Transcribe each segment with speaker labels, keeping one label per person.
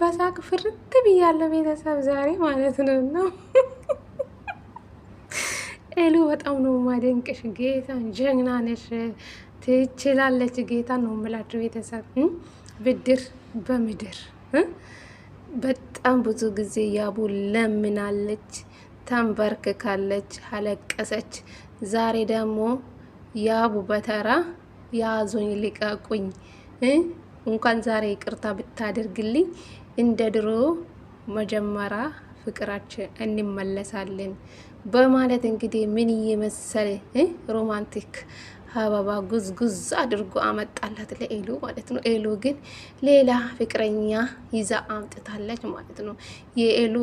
Speaker 1: በሳቅ ፍርት ብያለሁ ቤተሰብ ዛሬ ማለት ነው። ነው ኤሉ በጣም ነው ማደንቅሽ። ጌታን ጀግና ነሽ፣ ትችላለች። ጌታን ነው የምላችሁ ቤተሰብ ብድር በምድር በጣም ብዙ ጊዜ ያቡ ለምናለች፣ ተንበርክካለች፣ አለቀሰች። ዛሬ ደግሞ ያቡ በተራ ያዙኝ ልቀቁኝ እንኳን ዛሬ ይቅርታ ብታደርግልኝ እንደ ድሮ መጀመሪያ ፍቅራችን እንመለሳለን በማለት እንግዲህ ምን እየመሰለ ሮማንቲክ አበባ ጉዝጉዝ አድርጎ አመጣላት ለኤሉ ማለት ነው። ኤሉ ግን ሌላ ፍቅረኛ ይዛ አምጥታለች ማለት ነው። የኤሉ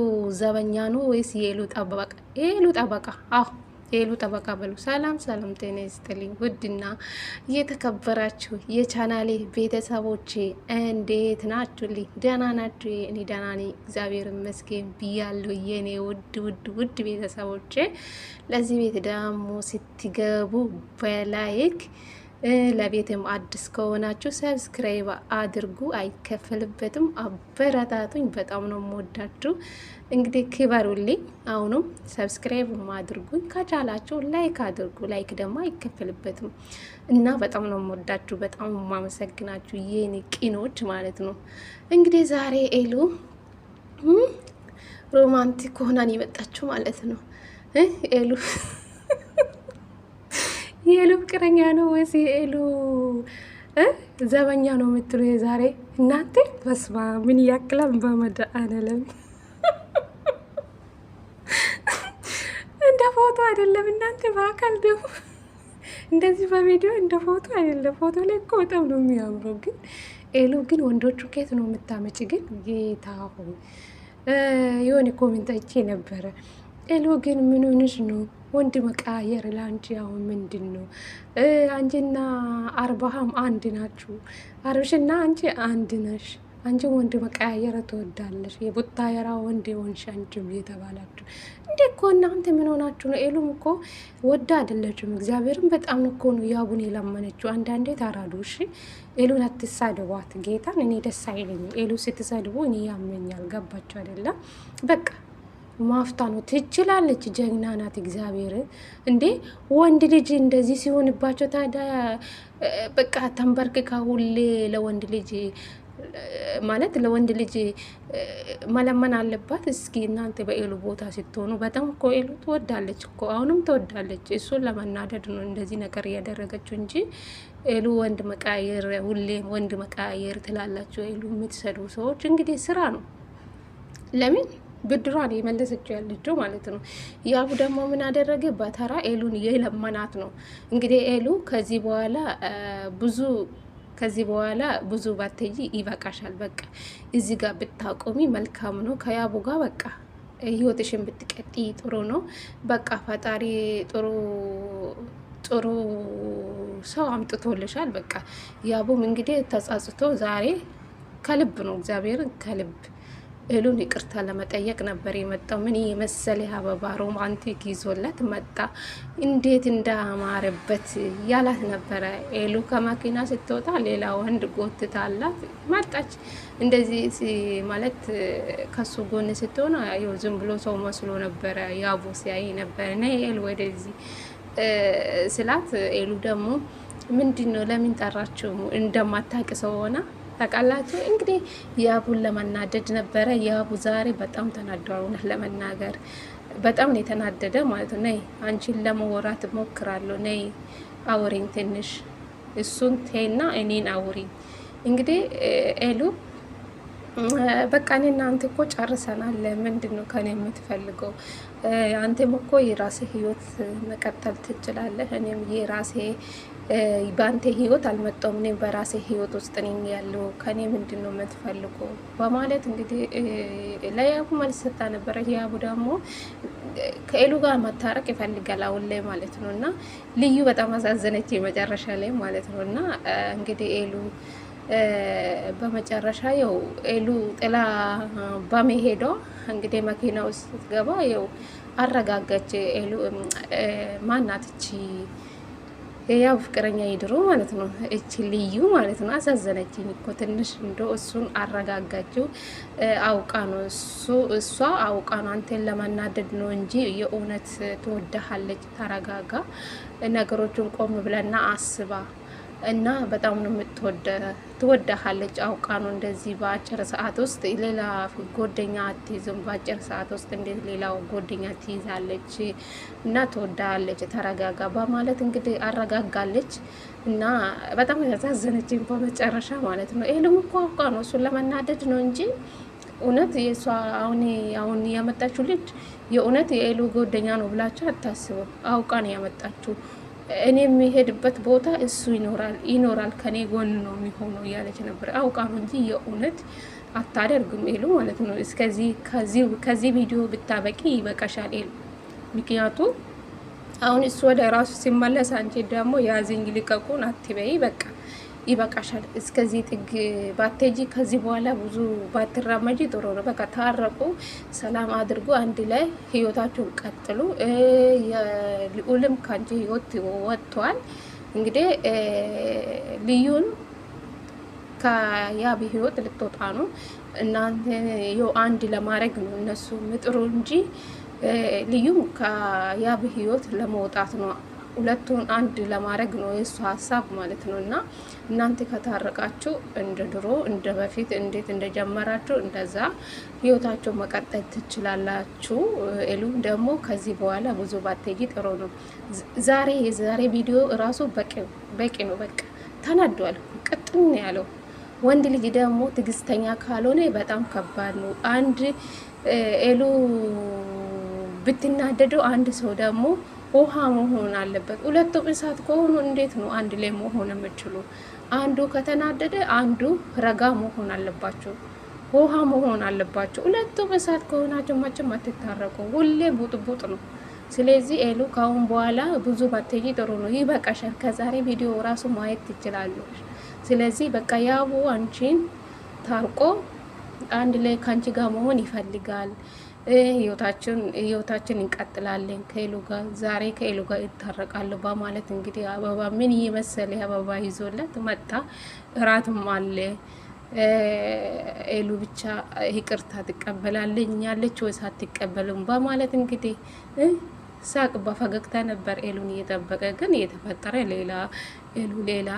Speaker 1: ዘበኛ ነው ወይስ የኤሉ ጠበቃ? የኤሉ ጠበቃ አሁ ሄሉ ጠበቃ በሉ። ሰላም ሰላም፣ ጤና ይስጥልኝ ውድና እየተከበራችሁ የቻናሌ ቤተሰቦቼ እንዴት ናችሁልኝ? ደህና ናችሁ? እኔ ደህና ነኝ እግዚአብሔር ይመስገን ብያለሁ። የኔ ውድ ውድ ውድ ቤተሰቦቼ ለዚህ ቤት ደግሞ ስትገቡ በላይክ ለቤትም አዲስ ከሆናችሁ ሰብስክራይብ አድርጉ፣ አይከፈልበትም። አበረታቱኝ፣ በጣም ነው የምወዳችሁ። እንግዲህ ክበሩልኝ። አሁኑም ሰብስክራይብ አድርጉኝ፣ ከቻላችሁ ላይክ አድርጉ። ላይክ ደግሞ አይከፈልበትም እና በጣም ነው የምወዳችሁ፣ በጣም የማመሰግናችሁ የኔ ቂኖች ማለት ነው። እንግዲህ ዛሬ ኤሉ ሮማንቲክ ሆናን የመጣችሁ ማለት ነው ኤሉ የሉ ፍቅረኛ ነው ወይስ የሉ ዘበኛ ነው የምትሉ የዛሬ እናንተ በስማ ምን ያክላል በመድኃኒዓለም እንደ ፎቶ አይደለም። እናንተ በአካል ደግሞ እንደዚህ በቪዲዮ እንደ ፎቶ አይደለም። ፎቶ ላይ እኮ በጣም ነው የሚያምረው። ግን ኤሉ ግን ወንዶቹ ኬት ነው የምታመጭ? ግን ጌታ ሆይ የሆነ ኮሜንት አይቼ ነበረ ኤሎ ግን ምን ሆነሽ ነው? ወንድ መቃየር ለአንቺ አሁን ምንድን ነው? አንቺና አርባሃም አንድ ናችሁ። አርብሽና አንቺ አንድ ነሽ። አንቺ ወንድ መቀያየር ትወዳለሽ። የራ ወንድ የሆንሽ አንቺም እየተባላችሁ እንዴ እኮ እናንተ ምን ሆናችሁ ነው? ኤሉም እኮ ወዳ አይደለችም። እግዚአብሔርም በጣም እኮ ነው ያቡን የለመነችው። አንዳንዴ ታራዱ። እሺ ኤሉን አትሳድቧት ጌታን። እኔ ደስ አይለኝ ኤሉ ስትሰድቡ እኔ ያመኛል። ገባችሁ አይደለም? በቃ ማፍታ ነው። ትችላለች፣ ጀግና ናት። እግዚአብሔር እንዴ! ወንድ ልጅ እንደዚህ ሲሆንባቸው ታዲያ በቃ ተንበርክካ ሁሌ ለወንድ ልጅ ማለት ለወንድ ልጅ መለመን አለባት። እስኪ እናንተ በኤሉ ቦታ ስትሆኑ በጣም እኮ ኤሉ ትወዳለች እኮ አሁንም ትወዳለች። እሱን ለመናደድ ነው እንደዚህ ነገር እያደረገችው እንጂ ኤሉ ወንድ መቃየር፣ ሁሌ ወንድ መቃየር ትላላችሁ። ኤሉ የምትሰዱ ሰዎች እንግዲህ ስራ ነው ለምን ብድሯን የመለሰችው ያለችው ማለት ነው። ያቡ ደግሞ ምን አደረገ? በተራ ኤሉን የለመናት ነው እንግዲህ ኤሉ ከዚህ በኋላ ብዙ ከዚህ በኋላ ብዙ ባትይ ይበቃሻል። በቃ እዚህ ጋር ብታቆሚ መልካም ነው። ከያቡ ጋር በቃ ህይወትሽን ብትቀጢ ጥሩ ነው። በቃ ፈጣሪ ጥሩ ጥሩ ሰው አምጥቶልሻል። በቃ ያቡም እንግዲህ ተጻጽቶ ዛሬ ከልብ ነው እግዚአብሔርን ከልብ እህሉን ይቅርታ ለመጠየቅ ነበር የመጣው። ምን የመሰለ አበባ ሮማንቲክ ይዞለት መጣ። እንዴት እንዳማረበት ያላት ነበረ። ኤሉ ከመኪና ስትወጣ ሌላ ወንድ ጎትታላት መጣች። እንደዚህ ማለት ከሱ ጎን ስትሆን ያው ዝም ብሎ ሰው መስሎ ነበረ ያቦ ሲያይ ነበር ና ኤሉ ወደዚህ ስላት፣ ኤሉ ደግሞ ምንድን ነው ለምን ጠራችሁ እንደማታውቅ ሰው ሆና ታውቃላችሁ እንግዲህ የአቡን ለመናደድ ነበረ። የአቡ ዛሬ በጣም ተናደዋል። እውነት ለመናገር በጣም ነው የተናደደ ማለት ነው። ነይ አንቺን ለመወራት ሞክራለሁ፣ ነይ አውሪኝ ትንሽ፣ እሱን ቴና እኔን አውሪኝ። እንግዲህ ኤሉ በቃ እኔ እና አንተ እኮ ጨርሰናል። ምንድን ነው ከኔ የምትፈልገው? አንተም እኮ የራሴ ህይወት መቀጠል ትችላለህ። እኔም የራሴ በአንተ ህይወት አልመጣሁም። እኔም በራሴ ህይወት ውስጥ ነኝ ያለው። ከኔ ምንድን ነው የምትፈልገው? በማለት እንግዲህ ለያቡ መልስ ሰጣ ነበረ። ያቡ ደግሞ ከኤሉ ጋር መታረቅ ይፈልጋል አሁን ላይ ማለት ነው። እና ልዩ በጣም አሳዘነች መጨረሻ ላይ ማለት ነው። እና እንግዲህ ኤሉ በመጨረሻ ያው ኤሉ ጥላ በመሄዷ እንግዲህ መኪና ውስጥ ስትገባ ያው አረጋጋች። ኤሉ ማናትቺ ያው ፍቅረኛ ይድሮ ማለት ነው። እቺ ልዩ ማለት ነው። አሳዘነችኝ እኮ ትንሽ እንደ እሱን አረጋጋችው። አውቃ ነው እሱ እሷ አውቃ ነው አንተን ለመናደድ ነው እንጂ የእውነት ትወዳሃለች። ተረጋጋ፣ ነገሮቹን ቆም ብለና አስባ እና በጣም ነው የምትወደ ትወደሃለች አውቃ ነው እንደዚህ በአጭር ሰዓት ውስጥ ሌላ ጎደኛ አትይዝም። በአጭር ሰዓት ውስጥ እንዴት ሌላው ጎደኛ ትይዛለች? እና ትወዳለች ተረጋጋ በማለት እንግዲህ አረጋጋለች። እና በጣም ያሳዘነች በመጨረሻ ማለት ነው። ይሄ ደግሞ እኮ አውቃ ነው እሱን ለመናደድ ነው እንጂ እውነት የእሷ አሁን አሁን ያመጣችው ልጅ የእውነት የኤሉ ጎደኛ ነው ብላችሁ አታስቡ። አውቃ ነው ያመጣችሁ እኔ የሚሄድበት ቦታ እሱ ይኖራል ይኖራል ከኔ ጎን ነው የሚሆነው እያለች ነበር። አውቃ ነው እንጂ የእውነት አታደርግም ኤሉ ማለት ነው። እስከዚህ ከዚህ ቪዲዮ ብታበቂ ይበቃሻል ኤሉ። ምክንያቱ አሁን እሱ ወደ ራሱ ሲመለስ አንቺ ደግሞ ያዝኝ ልቀቁን አትበይ በቃ ይበቃሻል፣ እስከዚህ ጥግ ባቴጂ፣ ከዚህ በኋላ ብዙ ባትራመጂ ጥሩ ነው። በቃ ታረቁ፣ ሰላም አድርጉ፣ አንድ ላይ ህይወታችሁን ቀጥሉ። ልዑልም ከአንቺ ህይወት ወጥቷል። እንግዲህ ልዩን ከያብ ህይወት ልትወጣ ነው። እናንተ የው አንድ ለማድረግ ነው እነሱ ምጥሩ እንጂ ልዩም ከያብ ህይወት ለመውጣት ነው ሁለቱን አንድ ለማድረግ ነው የእሱ ሀሳብ ማለት ነው። እና እናንተ ከታረቃችሁ እንደ ድሮ እንደ በፊት እንዴት እንደጀመራችሁ እንደዛ ህይወታቸው መቀጠል ትችላላችሁ። ኤሉ ደግሞ ከዚህ በኋላ ብዙ ባትሄጂ ጥሩ ነው። ዛሬ የዛሬ ቪዲዮ እራሱ በቂ ነው። በቃ ተናዷል፣ ቅጥም ያለው ወንድ ልጅ ደግሞ ትግስተኛ ካልሆነ በጣም ከባድ ነው። አንድ ኤሉ ብትናደደው አንድ ሰው ደግሞ ውሃ መሆን አለበት። ሁለቱም እሳት ከሆኑ እንዴት ነው አንድ ላይ መሆን የምችሉ? አንዱ ከተናደደ አንዱ ረጋ መሆን አለባቸው። ውሃ መሆን አለባቸው። ሁለቱም እሳት ከሆናቸው መቼም አትታረቁ። ሁሌ ቡጥቡጥ ነው። ስለዚህ ኤሉ ካሁን በኋላ ብዙ ባትይ ጥሩ ነው። ይበቃሻል። ከዛሬ ቪዲዮ ራሱ ማየት ትችላለች። ስለዚህ በቃ ያቡ አንቺን ታርቆ አንድ ላይ ከአንቺ ጋር መሆን ይፈልጋል። ህይወታችን እንቀጥላለን ከሄሉ ጋር ዛሬ ከሄሉ ጋር ይታረቃሉ በማለት እንግዲህ አበባ ምን የመሰለ አበባ ይዞለት መጣ። እራትም አለ ሄሉ ብቻ ይቅርታ ትቀበላለኛለች ወይስ አትቀበልም በማለት እንግዲህ ሳቅ በፈገግታ ነበር ሄሉን እየጠበቀ ግን እየተፈጠረ ሌላ ሄሉ ሌላ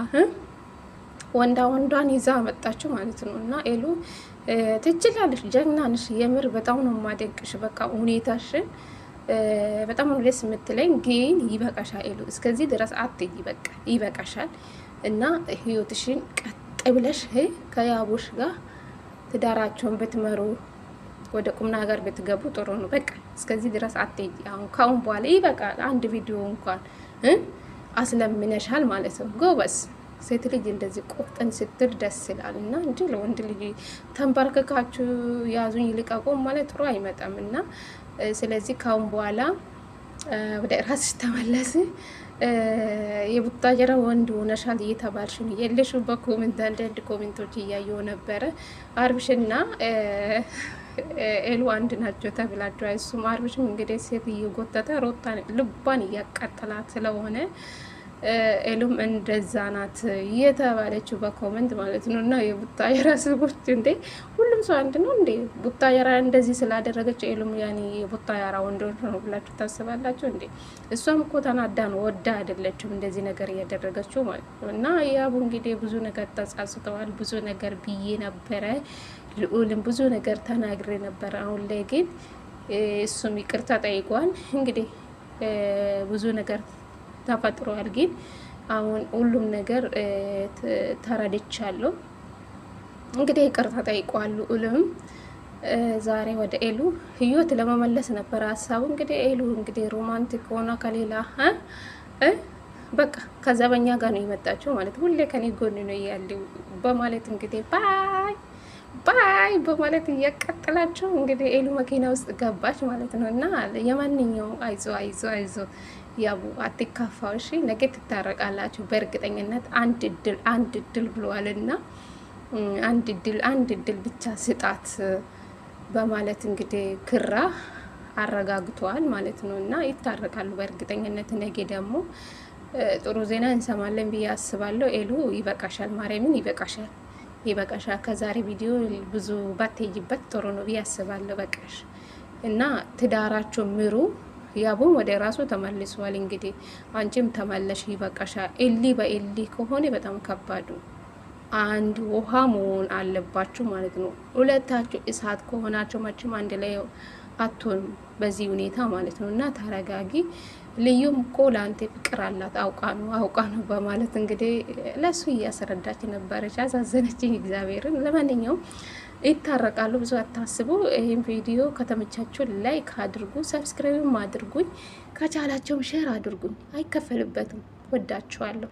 Speaker 1: ወንዳ ወንዷን ይዛ መጣችው ማለት ነው እና ሄሉ ትችላለሽ፣ ጀግና ነሽ። የምር በጣም ነው የማደንቅሽ። በቃ ሁኔታሽን በጣም ነው ደስ የምትለኝ። ግን ይበቃሻል ሄሉ፣ እስከዚህ ድረስ አትይ። በቃ ይበቃሻል እና ህይወትሽን ቀጥ ብለሽ ከያቦሽ ጋር ትዳራቸውን ብትመሩ ወደ ቁም ነገር ብትገቡ ጥሩ ነው። በቃ እስከዚህ ድረስ አትይ። አሁን ካሁን በኋላ ይበቃል። አንድ ቪዲዮ እንኳን አስለምነሻል ማለት ነው። ጎበስ ሴት ልጅ እንደዚህ ቆፍጠን ስትል ደስ ይላል እና እንዲ ለወንድ ልጅ ተንበርክካችሁ ያዙኝ ልቀቁም ማለት ጥሩ አይመጣም። እና ስለዚህ ካሁን በኋላ ወደ ራስሽ ተመለስ። የቡታጀራ ወንድ ሆነሻል እየተባልሽን ነው የለሽ። በኮሜንት አንዳንድ ኮሜንቶች እያየው ነበረ አርብሽና ኤሉ አንድ ናቸው ተብላቸው አይሱም። አርብሽም እንግዲህ ሴት እየጎተተ ሮጣን ልቧን እያቃጠላት ስለሆነ ኤሉም እንደዛ ናት የተባለችው በኮመንት ማለት ነው። እና የቡታየራ ሰዎች እንዴ ሁሉም ሰው አንድ ነው እንዴ? ቡታየራ እንደዚህ ስላደረገች ኤሉም ያኔ የቡታየራ ወንድ ነው ብላችሁ ታስባላችሁ እንዴ? እሷም እኮ ተናዳ ወዳ አይደለችም እንደዚህ ነገር እያደረገችው ማለት ነው። እና ያቡ እንግዲህ ብዙ ነገር ተጻጽተዋል። ብዙ ነገር ብዬ ነበረ፣ ልዑልም ብዙ ነገር ተናግሬ ነበረ። አሁን ላይ ግን እሱም ይቅርታ ጠይቋል። እንግዲህ ብዙ ነገር ተፈጥሯል። ግን አሁን ሁሉም ነገር ተረድቻለሁ። እንግዲህ ይቅርታ ጠይቋሉ። ሁሉም ዛሬ ወደ ኤሉ ህይወት ለመመለስ ነበር ሀሳቡ። እንግዲህ ኤሉ እንግዲህ ሮማንቲክ ሆና ከሌላ በቃ ከዘበኛ ጋር ነው የመጣችው ማለት ሁሌ ከኔ ጎን ነው ያለው በማለት እንግዲህ ባይ ባይ በማለት እያቀጠላቸው እንግዲህ ኤሉ መኪና ውስጥ ገባች ማለት ነው። እና የማንኛውም አይዞ አይዞ አይዞ ያው አትካፋው፣ እሺ ነገ ትታረቃላችሁ በእርግጠኝነት። አንድ እድል አንድ እድል ብለዋልና አንድ እድል አንድ እድል ብቻ ስጣት በማለት እንግዲህ ክራ አረጋግተዋል ማለት ነው። እና ይታረቃሉ በእርግጠኝነት። ነገ ደግሞ ጥሩ ዜና እንሰማለን ብዬ አስባለሁ። ኤሉ ይበቃሻል፣ ማርያምን ይበቃሻል፣ ይበቃሻል። ከዛሬ ቪዲዮ ብዙ ባትሄጂበት ጥሩ ነው ብዬ አስባለሁ። በቃሽ እና ትዳራቸው ምሩ። ያቡን ወደ ራሱ ተመልሷል። እንግዲህ አንቺም ተመለሽ፣ ይበቃሻል። ኤሊ በኤሊ ከሆነ በጣም ከባዱ አንድ ውሃ መሆን አለባችሁ ማለት ነው። ሁለታችሁ እሳት ከሆናቸው መቼም አንድ ላይ አትሆንም በዚህ ሁኔታ ማለት ነው። እና ተረጋጊ። ልዩም እኮ ለአንተ ፍቅር አላት አውቃ ነው አውቃ ነው በማለት እንግዲህ ለሱ እያስረዳች ነበረች። አሳዘነችኝ እግዚአብሔርን። ለማንኛውም ይታረቃሉ። ብዙ አታስቡ። ይህም ቪዲዮ ከተመቻችሁ ላይክ አድርጉ፣ ሰብስክራይብም አድርጉኝ፣ ከቻላቸውም ሼር አድርጉኝ። አይከፈልበትም። ወዳችኋለሁ።